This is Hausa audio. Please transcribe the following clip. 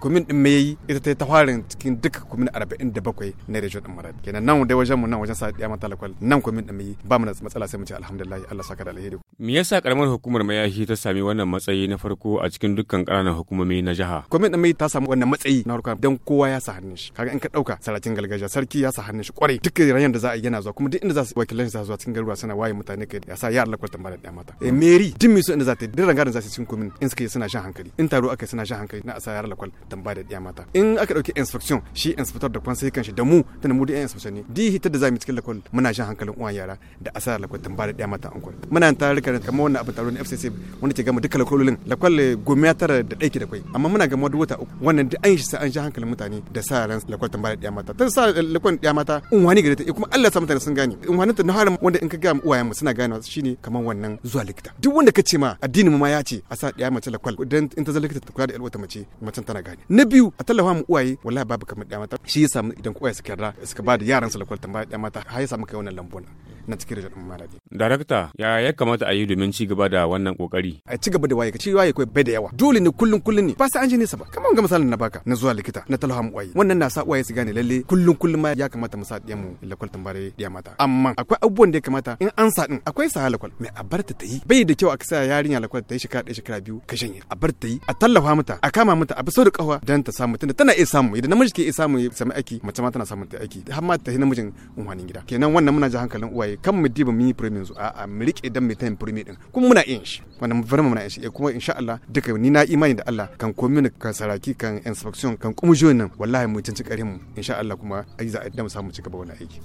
kumin din mai yi ita ta yi tafarin cikin duk kumin arba'in da bakwai na region din Maradi kenan nan da wajen mu nan wajen sa'a ya mata lakwal nan kumin din mai yi ba mu da matsala sai mu ce alhamdulillah Allah saka da alheri me yasa karamar hukumar mayashi ta sami wannan matsayi na farko a cikin dukkan karanan hukumomi na jiha kumin din mai ta samu wannan matsayi na farko dan kowa ya sa hannun shi kaga in ka dauka saracin galgaja sarki ya sa hannun shi kwarai duk rayan da za a yi yana zuwa kuma duk inda za su wakilan shi za su zuwa cikin garuruwa suna waye mutane kai ya sa ya Allah lakwal tambara da mata eh meri duk mai so inda za ta yi duk rangarin za su cikin kumin in suka yi suna shan hankali in taro aka suna shan hankali na asa yaran lakwal tambaya da ɗiya mata in aka ɗauki inspection shi inspector da kwansa kanshi da mu tana mu da yan inspection ne di hitar da zamu cikin lakon muna shan hankalin uwan yara da asara lakon tambaya da ɗiya mata an kwal muna tarurrukan kamar wannan abin taro na FCC wanda ke gama duka lakololin lakon gomiya tara da ɗaiki da kwai amma muna gama wata uku wannan duk an shi sai an sha hankalin mutane da sa ran lakon tambaya da ɗiya mata ta sa lakon ɗiya mata in wani gare ta eh, kuma Allah sa mutane sun gane in wani ta na wanda in ka ga uwayen mu suna gane shine kamar wannan zuwa likita duk wanda ka ce ma addinin mu ma ya ce a sa ɗiya mace lakon idan in ta zalikita ta kula da ƴar wata mace macen tana gane mutane na biyu a tallafa mu uwaye wallahi babu kamar ɗaya mata shi ya samu idan uwaye suka yarda suka ba da yaran su lakwal tambaya ɗaya mata har ya samu kai wannan lambuna na cikin region ma dai darakta ya ya kamata a yi domin ci gaba da wannan kokari a ci gaba da waye ka ci waye kai bai da yawa dole ne kullun kullun ne ba sai an ji nesa ba kamar ga misalin na baka na zuwa likita na talha mu waye wannan na sa waye su gane lalle kullun kullun ma ya kamata mu sa diyan mu lakwal tambare diya mata amma akwai abubuwan da ya kamata in an sa din akwai sa lakwal mai a barta ta yi bai da kyau a kasa yarinya lakwal ta yi shekara ɗaya shekara biyu ka shanye a bar ta yi a tallafa mata a kama mata a biso da kawa dan ta samu tunda tana iya samu idan namiji ke iya samu ya sami aiki mace ma tana samun ta aiki har ma ta yi namijin unhwanin gida kenan wannan muna ji hankalin uwaye kan mu diba mini yi zu a a'a mu rike dan mu premium din kuma muna yin shi wannan vraiment muna yin shi eh, kuma insha Allah duka ni na imani da Allah kan commune kan saraki kan inspection kan kumujo nan wallahi mu cancanci karin mu insha Allah kuma ai za a da mu samu cigaba wannan aiki